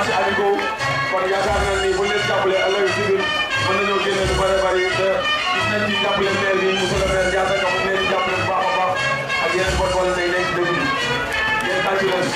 match amicaux kon yaakaar naa ni bu leen jàppalee ëllëg si biir mën nañoo génne lu bëri bëri ci jàppale maire bi monsieur le maire Diatta Ka mu ngi leen di jàppale bu a baax ci dëkk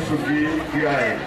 Suzuki guy.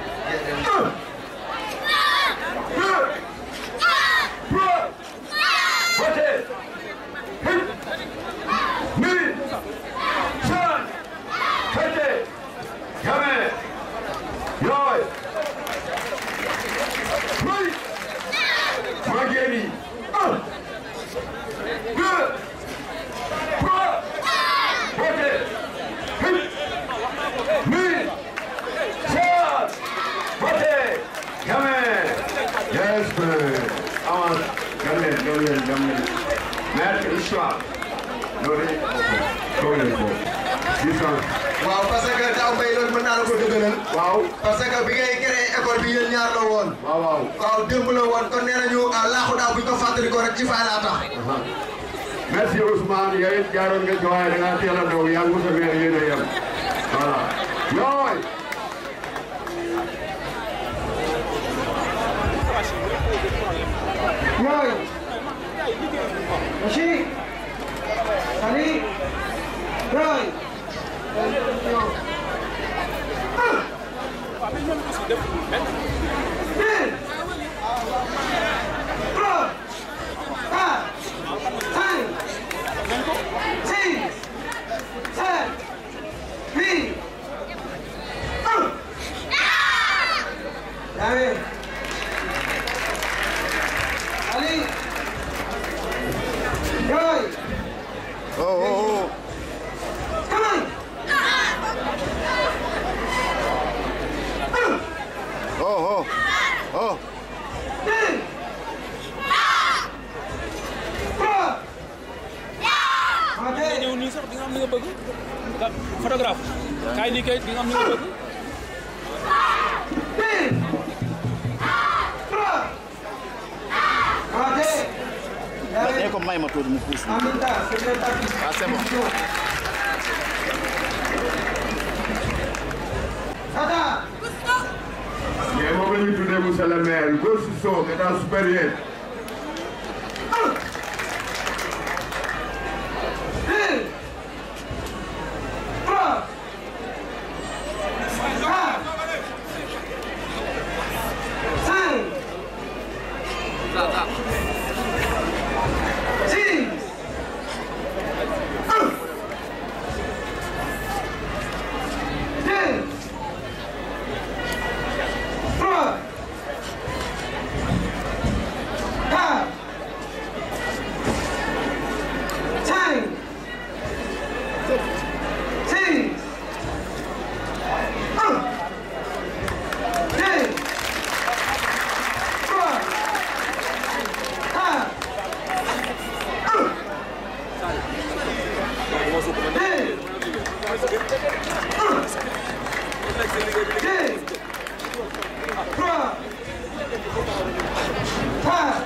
merci Ousmane yow it jaaroon nga ci waaye da ngaa teel a daw yaa ngi sa meer yéen a yem voilà yooy yooy Bachir Sali yooy ah bàyyi nii kay di nga am ñu nga bëgg. ko eh, may ma tuuti mu puus. waaw ah, c'est bon. mais moom la ñuy tuddee monsieur le maire Gossou Sow état supérieur. deux, trois, quatre.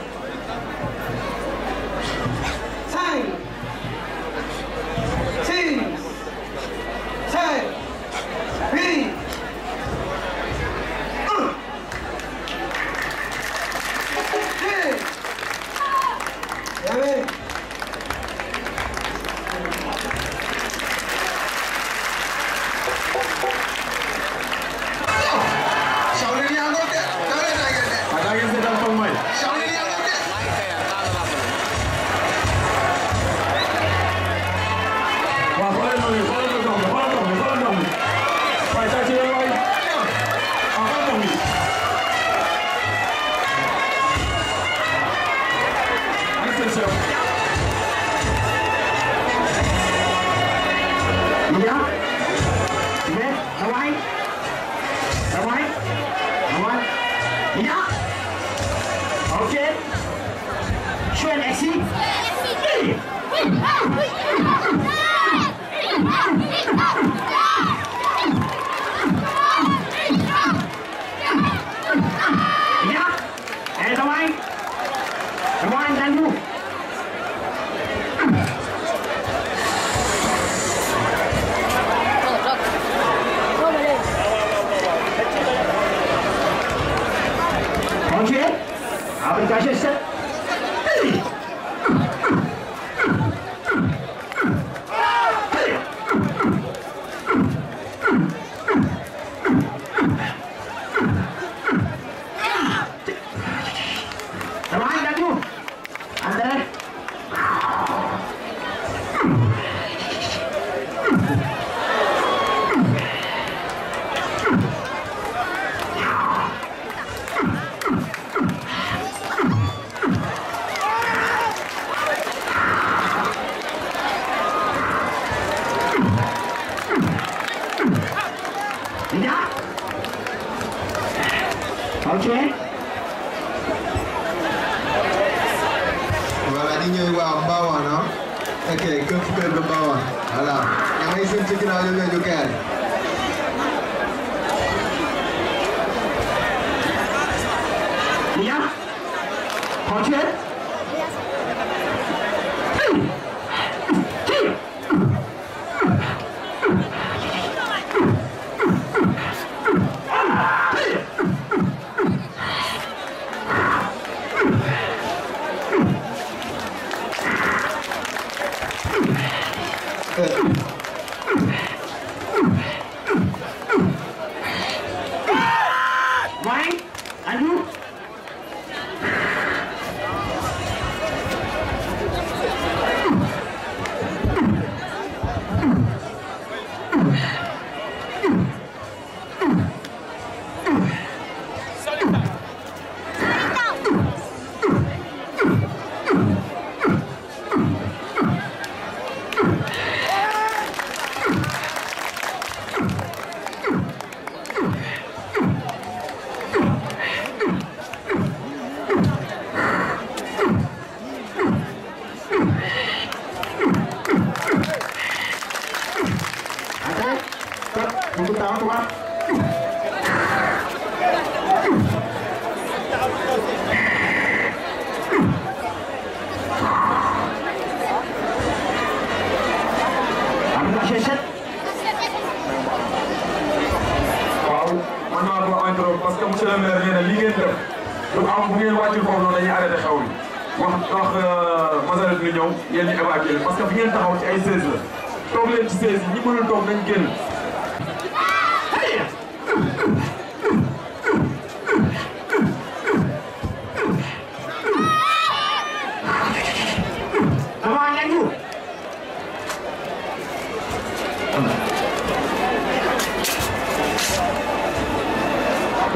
Je suis Alexis. Oui. Oui.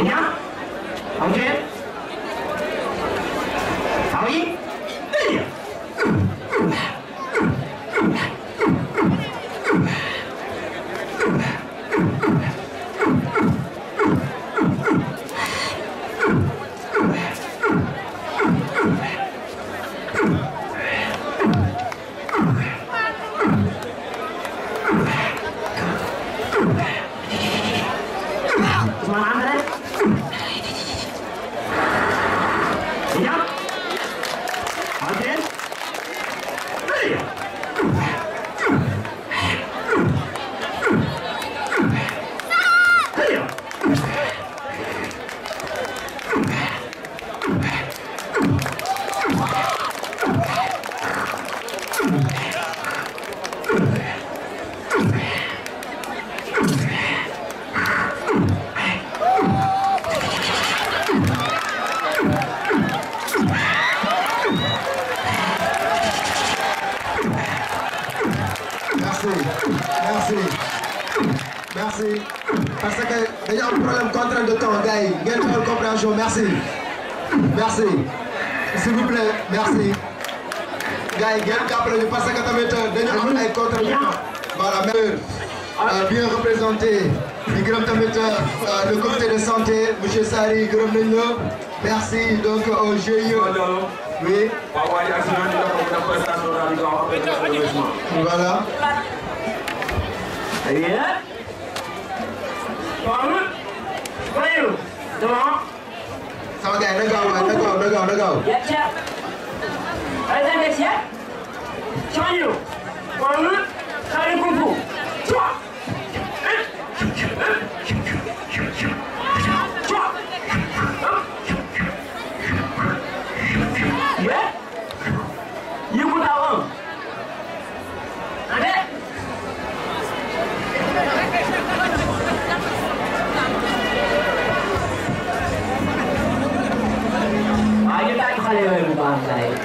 ya? Okay? merci merci merci parce que dañu am problème contrainte de temps gars yi ngeen defal compréhension merci merci s'il vous plaît merci gars yi ngeen jàppale ñu parce que tamit euh, dañu am ay contrainte de temps voilà mais euh, bien représenté di gërëm tamit euh, le comité de santé monsieur Sary gërëm nañu la merci donc au GIE oui voilà Yeah. Kon. Fayu. Dama. Sama gars na gaaw na gaaw na gaaw na gaaw. Yacca. Ay sa messieurs. Fayu. Kon. Xari kumpu. Toi. xale yooyu bu baax laay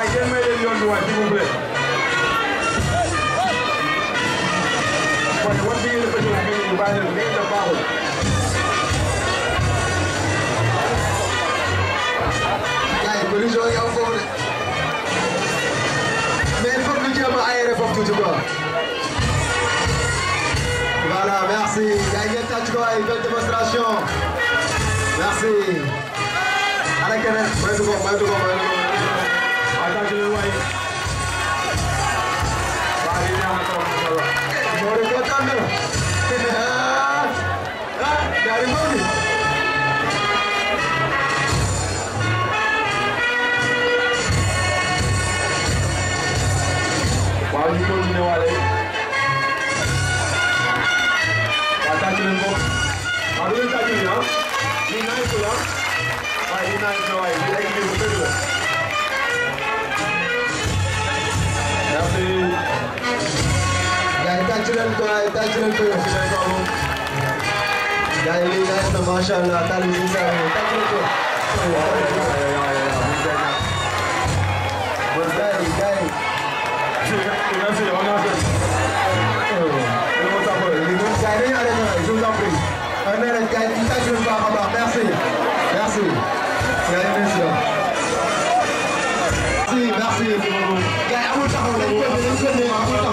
nag yéen may leen yoon bi waay s'il vous plaît. kon war ngeen def ba ñëw ngeen ñu bàyyi leen ngeen def baaxul. gars yi collision yi am foofu de. mais il faut que ñu jéem a aéré foofu tuuti quoi. voilà merci gars yi ngeen tàcc ko ay belle démonstration merci. ana keneen may du ko may du ko may du ko. to your wife. Why are you going to know tàcc leen ko waaye tàcc leen ko gars yi lii naaj na macha allah taal bi ñu saa yi tàcc leen ko. bon gars yi gars yi. merci on a fait. je vous en prie. on est les gars yi tàcc leen ko baax a baax merci. merci. gars yi merci. merci merci. gars yi amul taxaw dañu ko amul taxaw.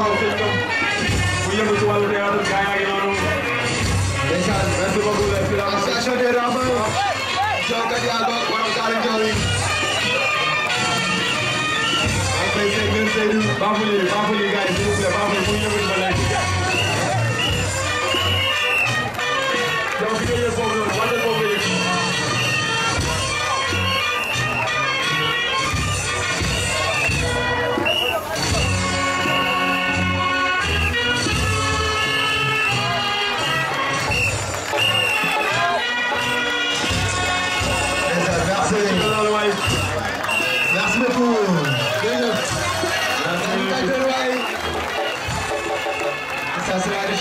Mabula ci la association des rameurs jongkat yaa ngoog borom taali jaww yi après c'est ngeen Seydou Bafouli Bafouli gars yi s'il vous plaît Bafouli mu ñëwul ba léegi donc yooyu foofu noonu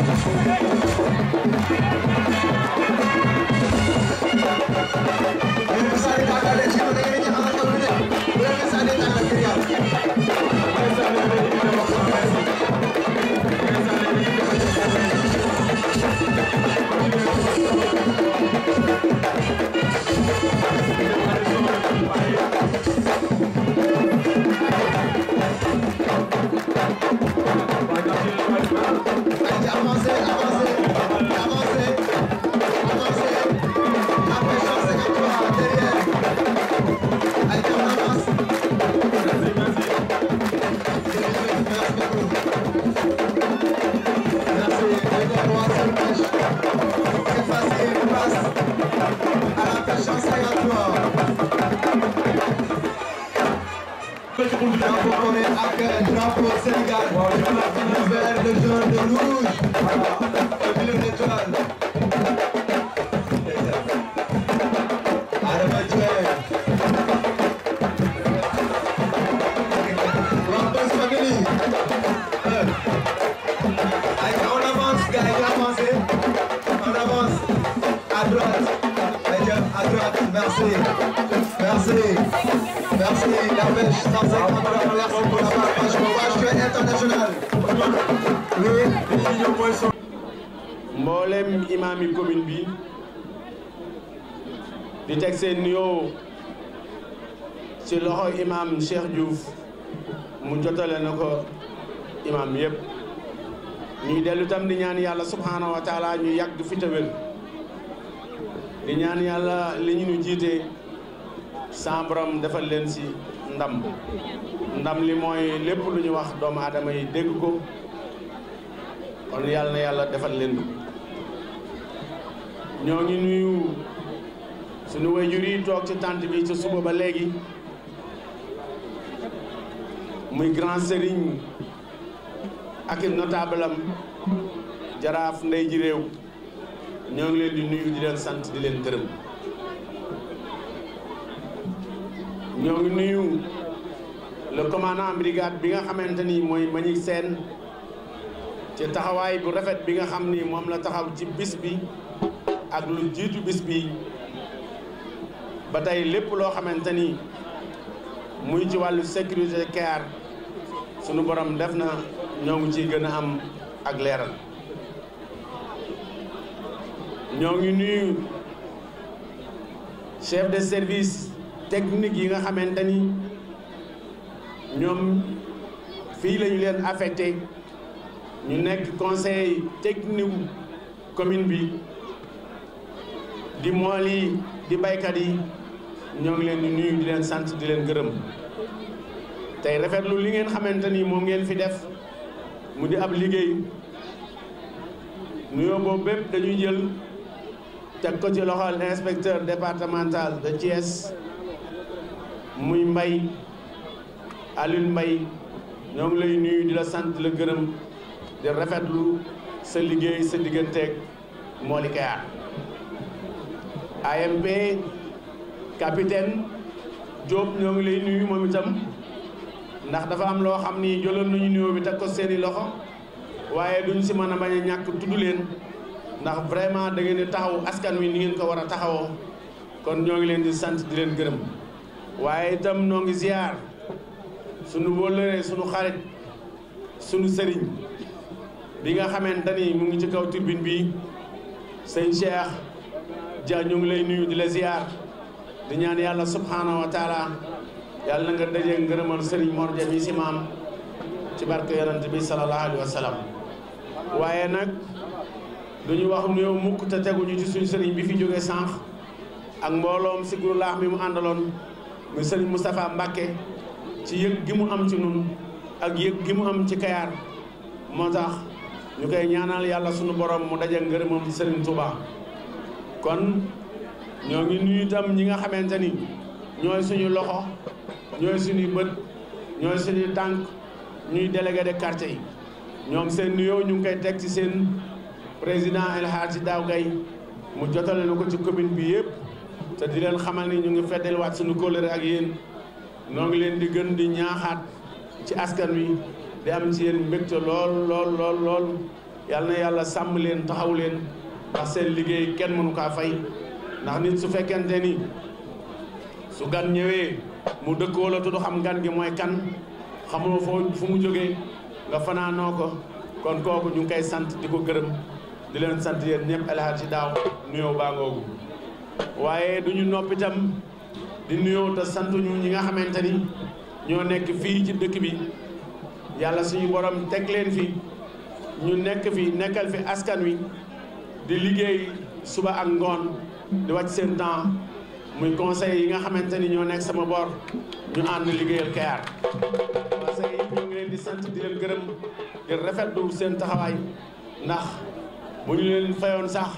Thank you. commencer à drapeau Corée ak drapeau Sénégal. waaw ñu naan vert de jaune de rouge. voilà. maami yi bi di teg seen nuyoo si loxo imaam Cheikh Diouf mu jotale na ko imaam yëpp ñuy dellu tam di ñaan yàlla subhaanahu wa taala ñu yàgg fi tawél di ñaan yàlla li ñu nu jiite sambram defal leen si ndam ndam li mooy lépp lu ñu wax doomu aadama yi dégg ko kon yàlla na yàlla defal leen ñoo ngi nuyu suñu wayjur yi toog ci tànt bi ca suba ba léegi muy grand sëriñ ak i notable jaraaf ndey ji réew ñoo ngi leen di nuyu di leen sant di leen gërëm ñoo ngi nuyu le commandant brigade bi nga xamante ni mooy Mbagnick seen ci taxawaay bu rafet bi nga xam ni moom la taxaw ci bis bi ak lu jiitu bis bi ba tey lépp loo xamante ni muy ci wàllu sécurité car sunu borom def na ñoo ngi ci gën a am ak leeral ñoo ngi nuyu chef de service technique yi nga xamante ni ñoom fii lañu leen affecté ñu nekk conseil technique commune bi di mool yi di baykat yi ñoo ngi leen di nuyu di leen sant di leen gërëm tey rafetlu li ngeen xamante ni moom ngeen fi def mu di ab liggéey nuyoo boobu bépp dañuy jël teg ko ci loxol inspecteur départemental de Thiès muy mbay Alioune mbay ñoo ngi lay nuyu di la sant di la gërëm di rafetlu sa liggéey sa digganteeg Moli Kayar AMP capitaine Diop ñoo ngi lay nuyu moom itam ndax dafa am loo xam ni jëloon nañu nuyoo bi teg ko seeni loxo waaye duñ si mën a bañ a ñàkk ndax vraiment dangeen ngeen di taxaw askan wi ni ngeen ko war a taxawoo kon ñoo ngi leen di sant di leen gërëm waaye itam noo ngi ziar sunu wóllëre sunu xarit sunu sëriñ bi nga xamante ni mu ngi ci kaw turbine bi sëñ Cheikh. Dia ñu ngi lay nuyu di la ziar di ñaan yàlla subhaanahu wa taala yàlla na nga dajee ngërëmal Serigne Mor Dia mi si maam ci barke yonent bi sallallahu alayhi waaye nag du ñu wax nuyoo mukk te teguñu ci suñu Serigne bi fi jógee sànq ak mbooloom si guru laax mi mu àndaloon muy Serigne Moustapha Mbacke ci yëg gi mu am ci nun ak yëg gi mu am ci Kayaar moo tax ñu koy ñaanal yàlla sunu borom mu daje ngërëmam Serigne Touba. kon ñoo ngi nuyu itam ñi nga xamante ni ñooy suñu loxo ñooy suñu bët ñooy suñu tànk ñuy délégué de quartier yi ñoom seen nuyoo ñu ngi koy teg ci seen président El Hadji Daw Gaye mu jotale na ko ci commune bi yëpp te di leen xamal ni ñu ngi feddaliwaat suñu kóllëre ak yéen noo ngi leen di gën di ñaaxaat ci askan wi di am ci yéen mbégte lool lool lool lool yal na yàlla sàmm leen taxaw leen ndax seen liggéey kenn mënu kaa fay ndax nit su fekkente ni su gan ñëwee mu dëkkoo la te du xam gan gi mooy kan xamoo foo fu mu jóge nga fanaanoo ko kon kooku ñu ngi koy sant di ko gërëm di leen sant yéen ñëpp El Hadji Daaw nuyoo baa ngoogu waaye du ñu noppi di nuyoo te santuñu ñi nga xamante ni ñoo nekk fii ci dëkk bi yàlla suñu borom teg leen fi ñu nekk fi nekkal fi askan wi di liggéey suba ak ngoon di wàcc seen temps muy conseil yi nga xamante ni ñoo nekk sama bor ñu ànd liggéeyal Kayar conseil yi ñoo ngi leen di sant di gërëm di rafetlu seen taxawaay ndax bu ñu leen fayoon sax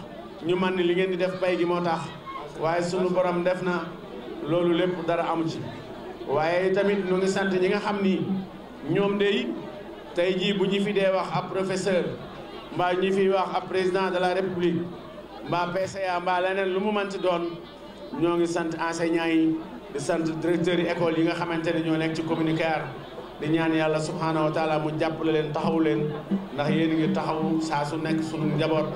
ñu man ni li ngeen di def bay gi moo tax waaye sunu borom def na loolu lépp dara amu ci waaye tamit ñu ngi sant ñi nga xam ni ñoom day tey jii bu ñu fi dee wax ab professeur mbaa ñu fi wax ab président de la république mbaa PCA mbaa leneen lu mu mënti doon ñoo ngi sant enseignants yi di sant directeurs yi école yi nga xamante ne ñoo nekk ci communicaire di ñaan yàlla subhaanahu wa taala mu jàppale leen taxaw leen ndax yéen ngi taxaw saa su nekk suñu njaboot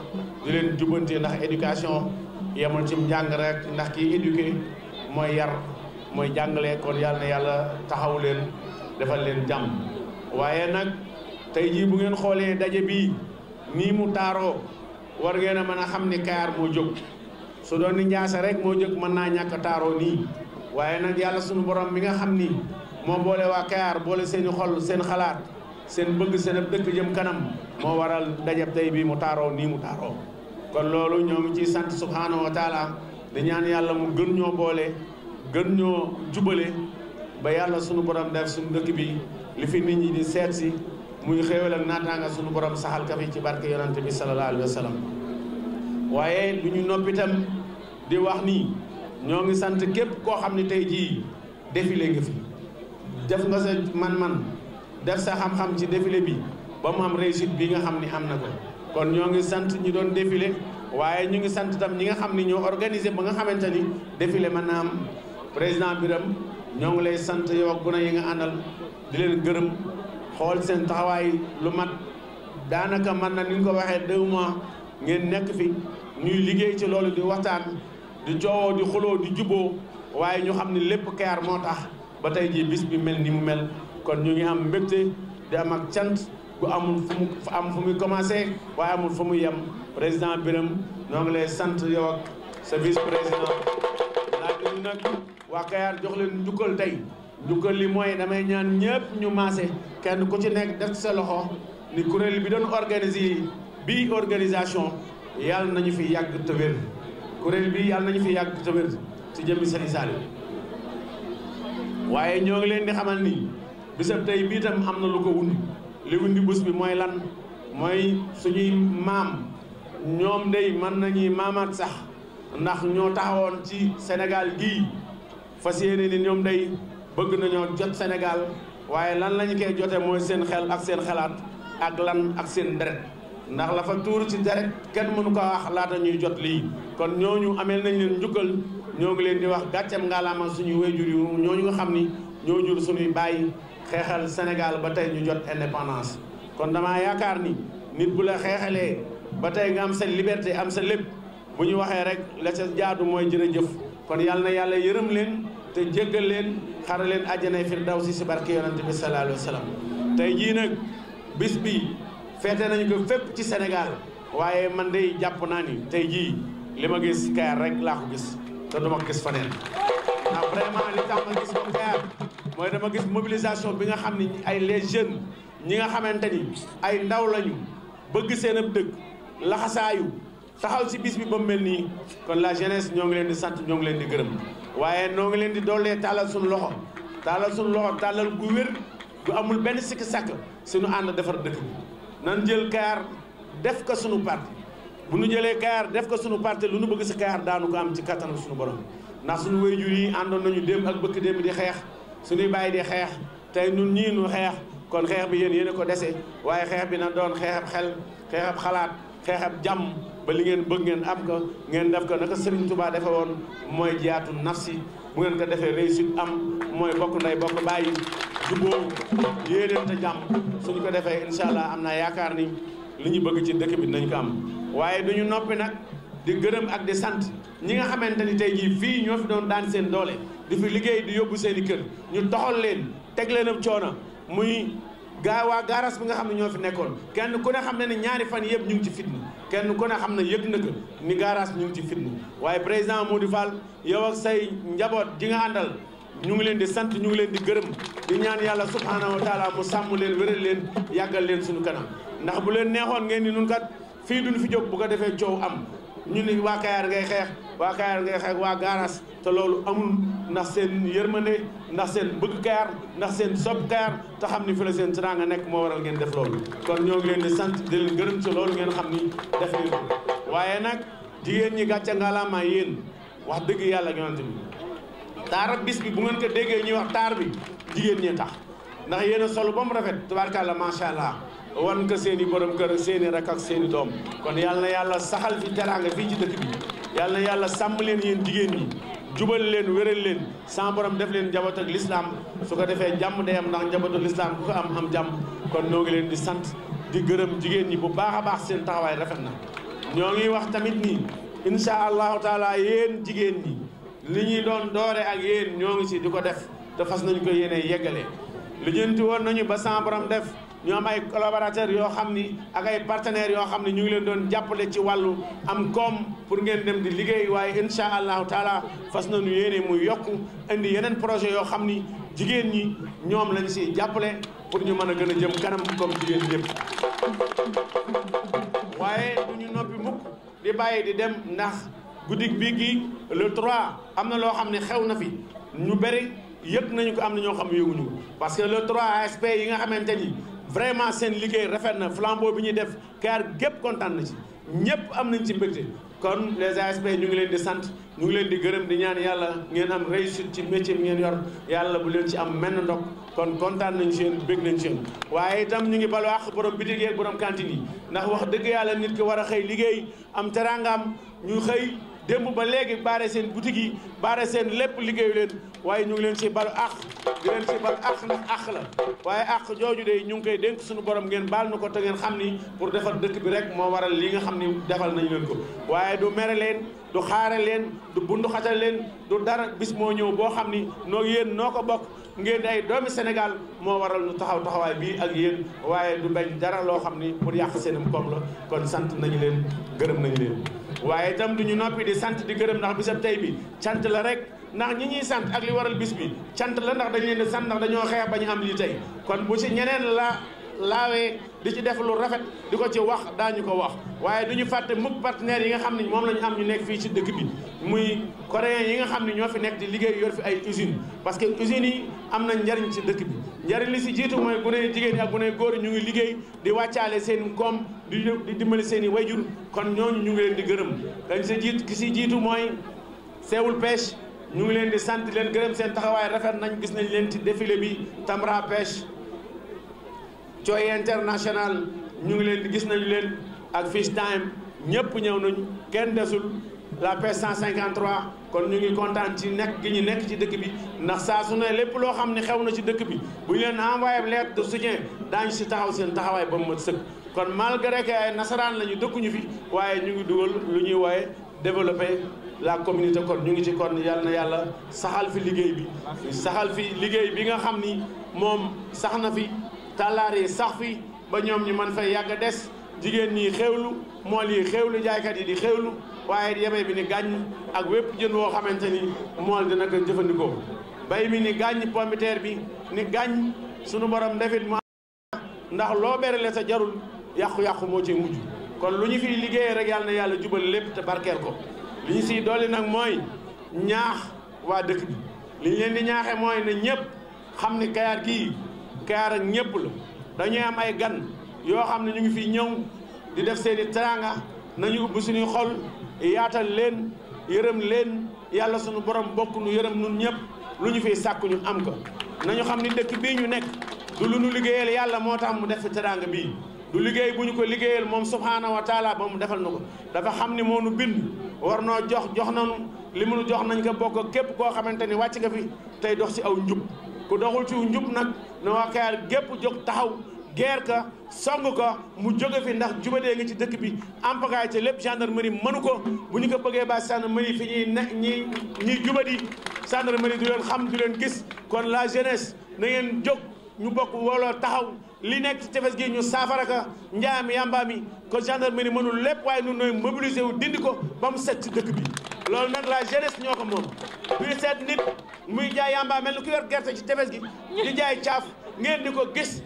di leen jubbante ndax éducation yemul ci njàng rek ndax kii éduqué mooy yar mooy jàngale kon yàlla yàlla taxaw leen defal leen jàmm waaye nag tey jii ngeen xoolee daje nii mu taaroo war ngeen a mën a xam ni Kayar moo jóg su doon ni Njaase rek moo jóg mën naa ñàkk taaroo nii waaye nag yàlla sunu borom mi nga xam ni moo boole waa Kayar boole seeni xol seen xalaat seen bëgg seen ab dëkk jëm kanam moo waral dajab tey bii mu taaroo nii mu taaroo kon loolu ñoo ngi ciy sant subhaanahu wa taala di ñaan yàlla mu gën ñoo boole gën ñoo jubale ba yàlla sunu borom def suñu dëkk bi li fi nit ñi di seet si muy xéewal ak naataanga sunu borom saxal ka fi ci barke yonante bi sallallahu alayhi wa waaye du ñu noppi itam di wax ni ñoo ngi sant képp koo xam ne tey jii défilé nga fi def nga sa man-man def sa xam-xam ci défilé bi ba mu am réussite bi nga xam ni am na ko kon ñoo ngi sant ñu doon défilé waaye ñu ngi sant itam ñi nga xam ni ñoo organisé ba nga xamante ni défilé mën naam am président Birame ñoo ngi lay sant yow ak yi nga àndal di leen gërëm. xool seen taxawaay lu mat daanaka man na ni ko waxee deux mois ngeen nekk fi ñuy liggéey ci loolu di waxtaan di coowoo di xuloo di juboo waaye ñu xam ne lépp Cayar moo tax ba tey jii bis bi mel ni mu mel kon ñu ngi am mbégte di am ak cant bu amul fu mu am fu muy commencé waaye amul fu muy yem président Birame ñoo ngi lay sant yow service sa vice président laaj nag waa Cayar jox leen njukkal tey du ko li mooy damay ñaan ñëpp ñu maase kenn ku ci nekk def sa loxo ni kuréel bi doon organiser bi organisation yàlla nañu fi yàgg te wér kuréel bi yàlla ñu fi yàgg te wér ci jëmmi Serigne Saliou waaye ñoo ngi leen di xamal ni bisab tey bii tam am na lu ko wundi bi mooy lan mooy suñuy maam ñoom day mën nañuy maamaat sax ndax ñoo taxawoon ci Sénégal gii fas yéene ñoom day bëgg nañoo jot Sénégal waaye lan lañu koy jotee mooy seen xel ak seen xalaat ak lan ak seen deret ndax la fa tuur ci deret kenn mënu wax laata ñuy jot lii kon ñooñu ameel nañ leen njukkal ñoo ngi leen di wax gàcceem ngalaama suñu wéyjur yu ñooñu nga xam ni ñoo jur suñuy bàyyi xeexal Sénégal ba tey ñu jot indépendance kon dama yaakaar ni nit bu la xeexalee ba tey nga am sa liberté am sa lépp bu ñu waxee rek la ca jaadu mooy jërëjëf kon yàlla na yàlla yërëm leen te jéggal leen xara leen àjjanay firdawsi si barke yonante bi sallallahu alayhi tey jii nag bis bi feete nañu ko fépp ci senegal waaye man de jàpp naa ni tey jii li ma gis Kayar rek laa ko gis te du ma gis faneen ndax vraiment li tax ma gis ko dama gis mobilisation bi nga xam ne ay les jeunes ñi nga xamante ni ay ndaw lañu bëgg seen ab dëkk laxasaayu taxaw si bis bi ba mu mel nii kon la jeunesse ñoo ngi leen di sant ñoo ngi leen di gërëm waaye noo ngi leen di doolee tàllal suñu loxo tàllal suñu loxo tàllal gu wér gu amul benn sikki sàkk suñu ànd defar dëkk bi nan jël kaar def ko suñu parti bu ñu jëlee kaar def ko suñu parti lu ñu bëgg si kaar daanu ko am ci kattan suñu borom ndax suñu wayjur yi àndoon nañu démb ak bëkk démb di xeex suñuy bàyyi di xeex tey ñun ñii nu xeex kon xeex bi yéen yéen ko dese waaye xeex bi na doon xeex ab xel xeex xalaat xeex ab jàmm ba li ngeen bëgg ngeen am ko ngeen def ko naka Serigne baa defe woon mooy jiyaatu nafsi bu ngeen ko defee réussite am mooy bokk ndey bokk bàyyi jubóo yéeneente jàmm suñ ko defee incha allah am naa yaakaar ni li ñu bëgg ci dëkk bi dinañ ko am waaye duñu noppi nag di gërëm ak di sant ñi nga xamante ni tey jii fii ñoo fi doon daan seen doole di fi liggéey di yóbbu seen i kër ñu toxol leen teg leen ab coono muy gaa waa gaaraas bi nga xam ne ñoo fi nekkoon kenn ku ne xam ne ne ñaari fan yëpp ñu ngi ci fitna kenn ku ne xam ne yëg na ko ni gaaraas ñu ngi ci fitna waaye président Modou Fall yow ak say njaboot ji nga àndal ñu ngi leen di sant ñu ngi leen di gërëm di ñaan yàlla subhaanahu wa taala mu sàmm leen wéral leen yàggal leen suñu kanam ndax bu leen neexoon ngeen ni nun kat fii duñ fi jóg bu ko defee coow am ñu ni waa Kayar ngay xeex waa Kayar ngay waa Garaas te loolu amul ndax seen yërmande ndax seen bëgg Kayar ndax seen sob Kayar te xam ni fi la seen nga nekk moo waral ngeen def loolu kon ñoo ngi leen de sant di gërëm ci loolu ngeen xam ni def ngeen waaye nag jigéen ñi gàcce ngalaama yéen wax dëgg yàlla ak yonent bi bis bi bu ngeen ko déggee ñuy wax taar bi jigéen ñee tax ndax yéen a sol ba mu rafet tubaarkàlla macha allah. wan ko seen i borom kër seen i rak ak seen doom kon yàlla na yàlla saxal fi teraanga fii ci dëkk bi yàlla na yàlla sàmm leen yéen jigéen ñi jubal leen wéral leen sans borom def leen njaboot ak lislaam su ko defee jàmm de am ndax njabootu lislaam ku ko am am jàmm kon noo ngi leen di sant di gërëm jigéen ñi bu baax a baax seen taxawaay rafet na ñoo ngi wax tamit nii insha allahu taala yéen jigéen ñi li ñuy doon doore ak yéen ñoo ngi si di ko def te fas nañ ko yéene yeggalee lijjanti woon ñu am ay collaborateurs yoo xam ni ak ay yoo xam ni ñu ngi leen doon jàppale ci wàllu am koom pour ngeen dem di liggéey waaye incha allahu taala fas nañu yéene muy yokku indi yeneen projet yoo xam ni jigéen ñi ñoom lañ si jàppale pour ñu mën a gën a jëm kanam comme jigéen ñëpp waaye du ñu noppi mukk di bàyyi di dem ndax guddik bii gi le troit am na loo xam ne xew na fi ñu bëri yëg nañu ko am na ñoo xam yëguñu parce que le 3 ASP yi nga ni vraiment seen liggéey rafet na flambeau bi ñuy def kaar gépp kontaan na ci ñëpp am nañ ci mbégte kon les ASP ñu ngi leen di sant ñu ngi leen di gërëm di ñaan yàlla ngeen am réussite ci métier bi ngeen yor yàlla bu leen ci am menn ndok kon kontaan nañ ci yéen bég nañ ci yéen waaye itam ñu ngi balu àq borom bitig yeeg borom cantine yi ndax wax dëgg yàlla nit ki war a xëy liggéey am teraangaam ñu xëy démb ba léegi baare seen boutique yi baare seen lépp liggéeyu leen waaye ñu leen si balu àq di leen si balu àq ndax àq la waaye àq jooju de ñu ngi koy dénk suñu borom ngeen baal na ko te ngeen xam ni pour defal dëkk bi rek moo waral li nga xam ni defal nañu leen ko waaye du mere leen du xaare leen du bundu xatal leen du dara bis moo ñëw boo xam ni noo yéen noo ko bokk ngeen ay doomi Sénégal moo waral ñu taxaw taxawaay bii ak yéen waaye du bañ dara loo xam ni pour yàq seenam koom la kon sant nañu leen gërëm nañu leen waaye itam du ñu noppi di sant di gërëm ndax bisab tey bi sant la rek ndax ñi ñuy sant ak li waral bis bi cant la ndax dañ leen di sant ndax dañoo xeex ba ñu am lii tey kon bu ci ñeneen la laawee di ci def lu rafet di ko ci wax daañu ko wax waaye du ñu fàtte mukk partenaires yi nga xam ne moom lañu am ñu nekk fii ci dëkk bi muy coréens yi nga xam ne ñoo fi nekk di liggéey yor fi ay usine parce que usines yi am na njariñ ci dëkk bi njariñ li si jiitu mooy gune jigéen ak gune góor ñu ngi liggéey di wàccaale seen koom di di dimbali seen i wayjur kon ñooñu ñu ngi leen di gërëm dañ si jiit ki si jiitu mooy Sewul Pêche ñu ngi leen di sant leen gërëm seen taxawaay rafet nañ gis nañ leen ci défilé bi Tamra Pêche Thioye international ñu ngi leen di gis nañu leen ak Fish Time ñëpp ñëw nañu kenn desul la pêche 153 kon ñu ngi kontaan ci nekk gi ñu nekk ci dëkk bi ndax saa su ne lépp loo xam ne xew na ci dëkk bi bu ñu leen envoyé lettre de soutien daañu si taxaw seen taxawaay ba mu mat sëkk. kon malgré que ay nasaraan la ñu dëkkuñu fi waaye ñu ngi dugal lu ñuy wooye développer la communauté kon ñu ngi ci kon yal na yàlla saxal fi liggéey bi. saxal fi liggéey na fi. tàllaar yi sax fi ba ñoom ñu mën fay yàgg des jigéen ñi xewlu mool yi xewlu jaaykat yi di xewlu waaye yemee bi ni gàññ ak wépp jën woo xamante ni mool dina ko jëfandikoo bay mi ni gàññ pompiteer bi ni gàññ sunu borom defit mu ndax loo berale sa jarul yàqu-yàqu moo ci mujj kon lu ñu fi liggéeyee rek yàlla na yàlla jubal lépp te barkeel ko li ñu siy dolli nag mooy ñaax waa dëkk bi li ñu leen di ñaaxe mooy ne ñëpp xam ni Kayaar gii kaar ak ñëpp la dañuy am ay gan yoo xam ne ñu ngi fi ñëw di def seen i teraanga nañu ubbi suñuy xol yaatal leen yërëm leen yàlla suñu borom bokk nu yërëm nun ñëpp lu ñu fiy sàkk ñu am ko nañu xam ni dëkk bii ñu nekk du lu nu liggéeyal yàlla moo tax mu def fi teraanga bii du liggéey bu ñu ko liggéeyal moom subhaana wa taala ba mu defal na ko dafa xam ni moo nu bind war noo jox jox nanu li mu nu jox nañ ko bokk képp koo xamante ni wàcc nga fi tey dox ci aw njub ku doxul ci njub nag na waa gépp jóg taxaw geer ka song ko mu jóge fi ndax jubadee ngi ci dëkk bi en pagaille te lépp gendarmerie mënu ko bu ñu ko bëggee ba gendarmerie fi ñuy ne ñi ñiy jubadi gendarmerie du leen xam du leen gis kon la jeunesse na ngeen jóg ñu bokk wooloo taxaw li nekk ci tefes gi ñu saafara ka njaami yamba mi ko gendarmerie mënul lépp waaye nun nooy mobiliser wu dindi ko ba mu set ci dëkk bi loolu nag la jeunesse ñoo ko moom bu ñu seet nit muy jaay yamba mel ni ku yor gerte ci tefes gi di jaay caaf ngeen di ko gis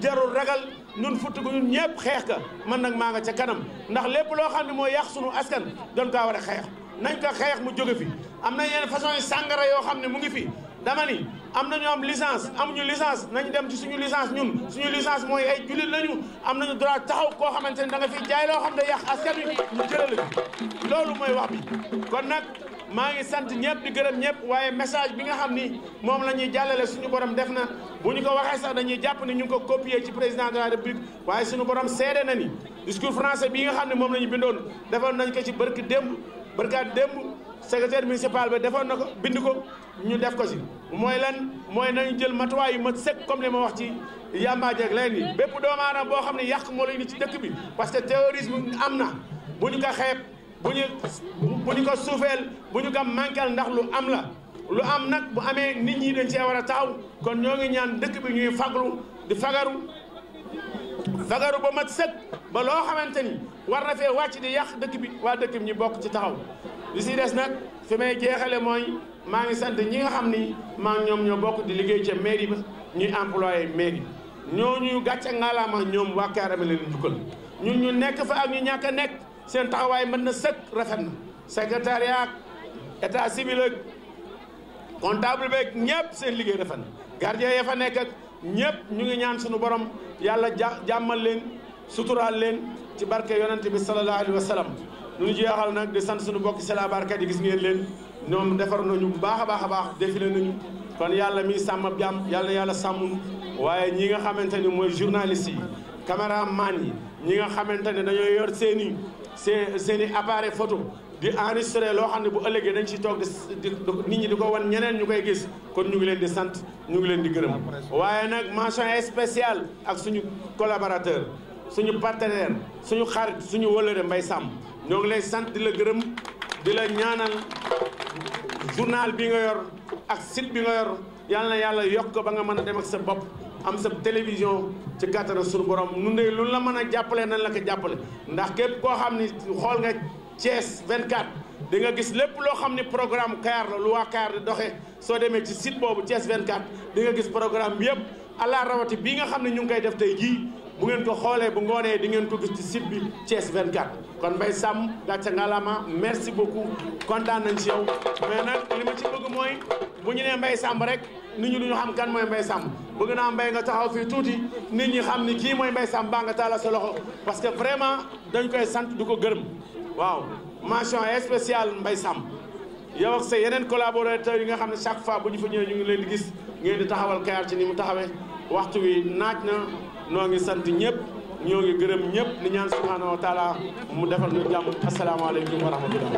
jarul ragal ñun futtiku ñun ñëpp xeex ka man nag maa nga ca kanam ndax lépp loo xam ne mooy sunu askan doon kaa xeex nañ ko mu jóge fi am na yenn façon sàngara yoo xam ne mu ngi fi dama ni am na ñu am licence amuñu licence nañ dem ci suñu licence ñun suñu licence mooy ay jullit lañu am nañu droit taxaw koo xamante ne da fi jaay loo xam ne yàq askan wi mu jëlale loolu mooy wax bi kon nag maa ngi sant ñëpp di gërëm ñëpp waaye message bi nga xam ni moom la ñuy jàllale suñu borom def na bu ñu ko waxee sax dañuy jàpp ni ñu ko copier ci président de la république waaye suñu borom seede na ni discours français bi nga xam ne moom la ñu bindoon defoon nañ ko ci barki démb barkaat démb secrétaire defoon na ko bind ko ñu def ko si mooy lan mooy nañu jël matuwaay yu ma sëkk comme li ma wax ci yàmbaa jeeg leen ni bépp doomu boo xam ne yàq moo lay ni ci dëkk bi parce que terrorisme am na bu ñu ko xeeb bu ñu bu ñu ko suufeel bu ñu ko manquel ndax lu am la lu am nag bu amee nit ñi dañ cee war a taxaw kon ñoo ngi ñaan dëkk bi ñuy faglu di fagaru fagaru ba mat sëkk ba loo xamante ni war na fee wàcc di yàq dëkk bi waa dëkk bi ñu bokk ci taxaw li si des nag fi may jeexale mooy maa ngi sant ñi nga xam ni maa ñoom ñoo bokk di liggéey ca mairie ba ñuy employé mairie ñooñu gàcce ngalaama ñoom waa Kaarame leen njukkal ñun ñu nekk fa ak ñu ñàkk a nekk seen taxawaay mën na sëkk rafet na secrétariat ak état civil ak comptable beeg seen liggéey rafet na gardien ya fa nekk ñëpp ñu ngi ñaan suñu borom yàlla jàmmal leen suturaal leen ci barke yonent bi sallallahu alayhi wa sallam ñu jeexal na di sant suñu bokki selabarkat yi gis ngeen leen ñoom defar nañu bu baax a baax a baax défilé nañu kon yàlla mi sàmm jàmm yàlla yàlla sàmm waaye ñi nga xamante ni mooy journaliste yi caméraman yi ñi nga xamante ne dañoo yor seeni seen seen i appareil photo di enregistré loo xam ne bu ëllëgee dañ ci toog di nit ñi di ko wan ñeneen ñu koy gis kon ñu ngi leen di sant ñu ngi leen di gërëm waaye nag mention spéciale ak suñu collaborateur suñu partenaire suñu xarit suñu wëlëre mbay sàmm ñoo ngi lay sant di la gërëm di la ñaanal journal bi nga yor ak site bi nga yor yàlla na yàlla yokk ba nga mën a dem ak sa bopp am sa télévision ci gàttana suñu borom nun de lu la mën a jàppalee nañ la ko jàppale ndax képp koo xam ni xool nga Thiès 24 di nga gis lépp loo xam ni programme Kayar la lu waa Kayar di doxee soo demee ci site boobu Thiès 24 di danga gis programme bi yëpp allah rawati bii nga xam ne ñu ngi koy def tey jii bu ngeen ko xoolee bu ngoonee di ngeen ko gis ci site bi Thiès 24 kon Mbaye Sam gàcce ngalaama merci beaucoup kontaan nañ si yow mais nag li ma ci ñu nee Mbaye Samb rek nit ñi duñu xam kan mooy Mbaye Samb bëgg naa Mbaye nga taxaw fii tuuti nit ñi xam ni kii mooy Mbaye Samb baa nga taala sa loxo parce que vraiment dañ koy sant du ko gërëm waaw mention spéciale Mbaye Samb yow ak sa yeneen collaborateurs yi nga xam ne chaque fois bu ñu fa ñu ngi leen di gis ngeen di taxawal Kayar ci ni mu taxawee waxtu wi naaj na noo ngi sant ñëpp ñoo ngi gërëm ñëpp li ñaan subhaanahu mu defal ñu jàmm asalaamaaleykum wa rahmatullah